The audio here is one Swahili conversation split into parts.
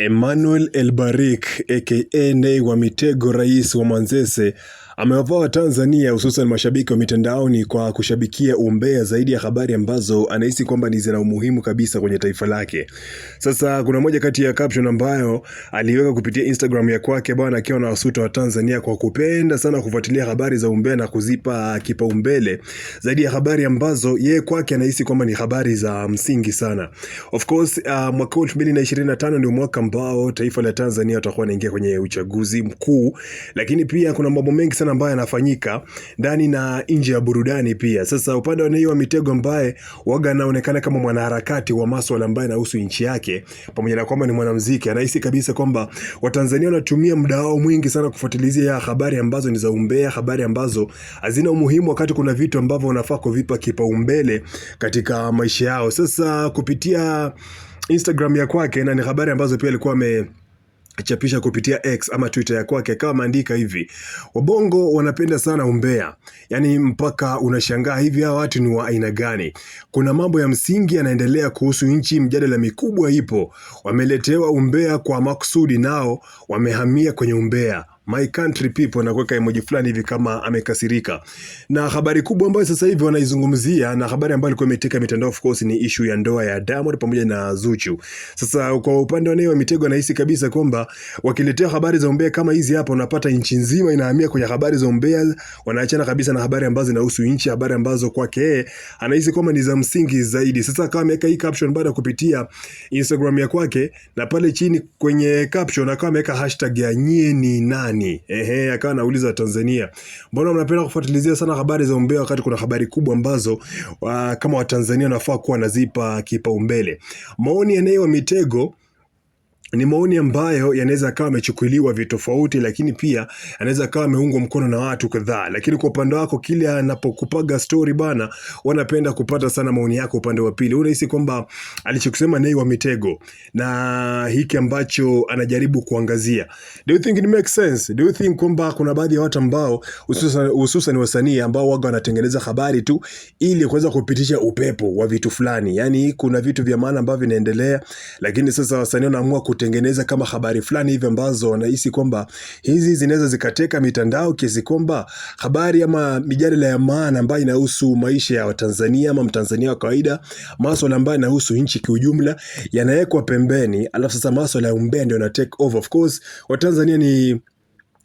Emmanuel Elbarik aka Ney wa Mitego, rais wa Manzese Amewavaa Tanzania hususan mashabiki wa mitandaoni kwa kushabikia umbea zaidi ya habari ambazo anahisi kwamba ni zina umuhimu kabisa kwenye taifa lake. Sasa kuna moja kati ya caption ambayo aliweka kupitia Instagram ya kwake bwana, akiwa na wasuta wa Tanzania kwa kupenda sana kufuatilia habari za umbea na kuzipa kipaumbele zaidi ya habari ambazo yeye kwake anahisi kwamba ni habari za msingi sana. Of course, uh, mwaka 2025 ndio mwaka ambao taifa la Tanzania watakuwa wanaingia kwenye uchaguzi mkuu, lakini pia kuna mambo mengi sana sana ambayo yanafanyika ndani na nje ya burudani pia. Sasa upande wa Nay wa Mitego ambaye waga anaonekana kama mwanaharakati wa masuala ambayo yanahusu nchi yake, pamoja na kwamba ni mwanamuziki, anahisi kabisa kwamba Watanzania wanatumia muda wao mwingi sana kufuatilizia habari ambazo ni za umbea, habari ambazo hazina umuhimu, wakati kuna vitu ambavyo wanafaa kuvipa kipaumbele katika maisha yao. Sasa kupitia Instagram ya kwake na ni habari ambazo pia alikuwa ame chapisha kupitia X ama Twitter ya kwake akawa ameandika hivi: wabongo wanapenda sana umbea, yaani mpaka unashangaa hivi hawa watu ni wa aina gani? Kuna mambo ya msingi yanaendelea kuhusu nchi, mjadala mikubwa ipo. Wameletewa umbea kwa makusudi, nao wamehamia kwenye umbea my country people, na kuweka emoji fulani hivi kama amekasirika. Na habari kubwa ambayo sasa hivi wanaizungumzia na habari ambayo ilikuwa imeteka mitandao of course ni issue ya ndoa ya Diamond pamoja na Zuchu. Sasa kwa upande wa Nay Mitego, anahisi kabisa kwamba wakiletea habari za umbea kama hizi hapa, unapata nchi nzima inahamia kwenye habari za umbea, wanaachana kabisa na habari ambazo zinahusu nchi, habari ambazo kwake anahisi kwamba ni za msingi zaidi. Sasa akawa ameweka hii caption baada ya kupitia Instagram ya kwake, na pale chini kwenye caption akawa ameweka hashtag ya nyie ni nani nini? Ehe, akawa anauliza Tanzania, mbona mnapenda kufuatilizia sana habari za umbea wakati kuna habari kubwa ambazo ah, kama Watanzania wanafaa kuwa wanazipa kipaumbele? Maoni ya Nay wa Mitego ni maoni ambayo yanaweza kawa vitu tofauti, lakini pia anaweza kawa ameungwa mkono na watu kadhaa. Lakini kwa upande wako, kile anapokupaga story bana, wanapenda kupata sana maoni yako upande wa pili. Unahisi kwamba alichokusema Nay wa mitego na hiki ambacho anajaribu kuangazia, do you think it makes sense? Do you think kwamba kuna baadhi ya watu ambao hususan wasanii ambao waga wanatengeneza habari tu ili kuweza kupitisha upepo wa vitu fulani, yani kuna vitu vya maana ambavyo vinaendelea, lakini sasa wasanii wanaamua kutengeneza kama habari fulani hivi ambazo wanahisi kwamba hizi zinaweza zikateka mitandao kiasi kwamba habari ama mijadala ya maana ambayo inahusu maisha ya Watanzania ama Mtanzania wa kawaida, maswala ambayo yanahusu nchi kiujumla yanawekwa pembeni, alafu sasa maswala ya umbea ndio na take over. Of course Watanzania ni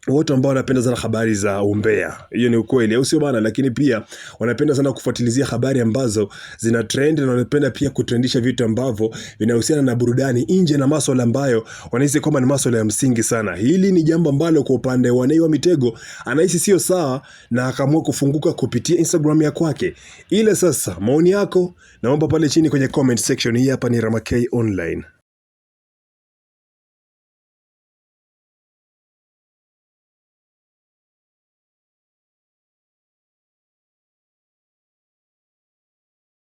watu ambao wanapenda sana habari za umbea, hiyo ni ukweli, au sio bana? Lakini pia wanapenda sana kufuatilizia habari ambazo zina trend, na wanapenda pia kutrendisha vitu ambavyo vinahusiana na burudani nje na masuala ambayo wanahisi kwamba ni masuala ya msingi sana. Hili ni jambo ambalo kwa upande wa Nay wa Mitego anahisi sio sawa, na akaamua kufunguka kupitia Instagram ya kwake ile. Sasa maoni yako naomba pale chini kwenye comment section. Hii hapa ni Ramakay Online.